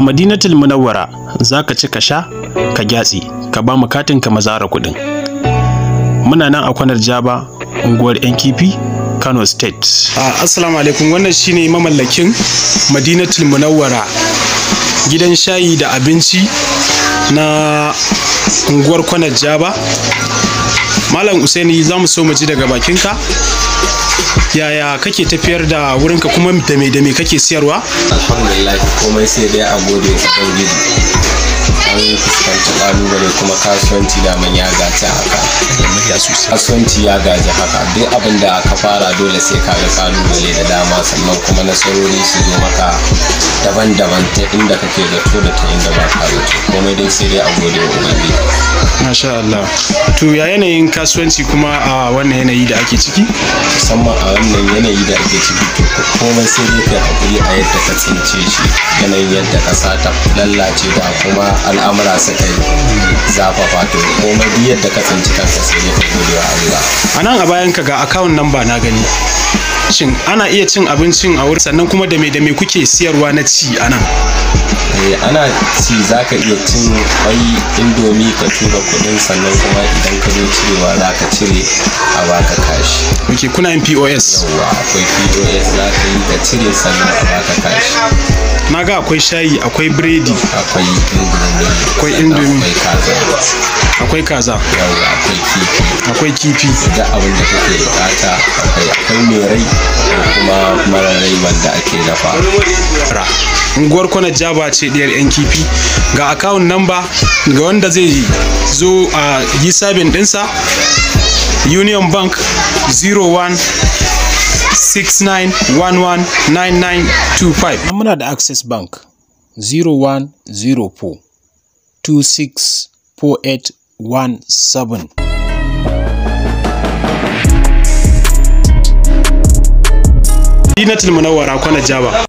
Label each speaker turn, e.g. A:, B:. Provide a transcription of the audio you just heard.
A: a madinatul munawwara za ka ci ka sha ka gyatsi ka ba mu katin ka mazara kuɗin muna nan a kwanar jaba unguwar yan kifi kano state assalamu alaikum wannan shine mamallakin madinatul munawwara gidan shayi da abinci na unguwar kwanar jaba malam usaini za mu so mu ji daga bakinka yaya kake tafiyar da wurinka kuma da me da me kake siyarwa
B: alhamdulillah komai sai dai a gode ubangiji kalubale kuma kasuwanci da man ya gaji haka kasuwanci ya gaji haka duk abin da ka fara dole sai ka ga kalubale da dama sannan kuma nasarori su zo maka daban-daban ta inda kake to da ta inda ba ka zato komai dai sai dai a gode wa ubangiji
A: masha Allah to ya yanayin kasuwanci kuma a wannan yanayi da ake ciki
B: musamman a wannan yanayi da ake ciki to komai sai dai ka hakuri a yadda ka tsince shi yanayin yadda ka sata lallace ba kuma al'amura suka yi zafafa to komai yadda ka tsinci kanka sai ne ka gode Allah
A: a nan a bayan ka ga account number na gani shin ana iya cin abincin a wurin sannan kuma da me da me kuke siyarwa na ci a nan
B: Eh, ana ci za ka iya cin kwai indomi ka tura kudin sannan kuma idan ka zo cirewa za ka cire a baka kashi ok kuna yin pos yawa akwai pos za ka yi ka cire sannan a baka kashi
A: na ga akwai shayi akwai biredi akwai indomi akwai indomi akwai kaza akwai kaza
B: yawa akwai kifi akwai kifi da abin da kake bukata akwai akwai merai kuma mara ribar da ake dafa ra
A: unguwar kwana jaba ce ɗiyar yan kifi ga akawun namba ga wanda zai zo a yi sabin ɗinsa union bank 01 69119925 muna da access bank 0104 264817 madinatul munawwara kwana jaba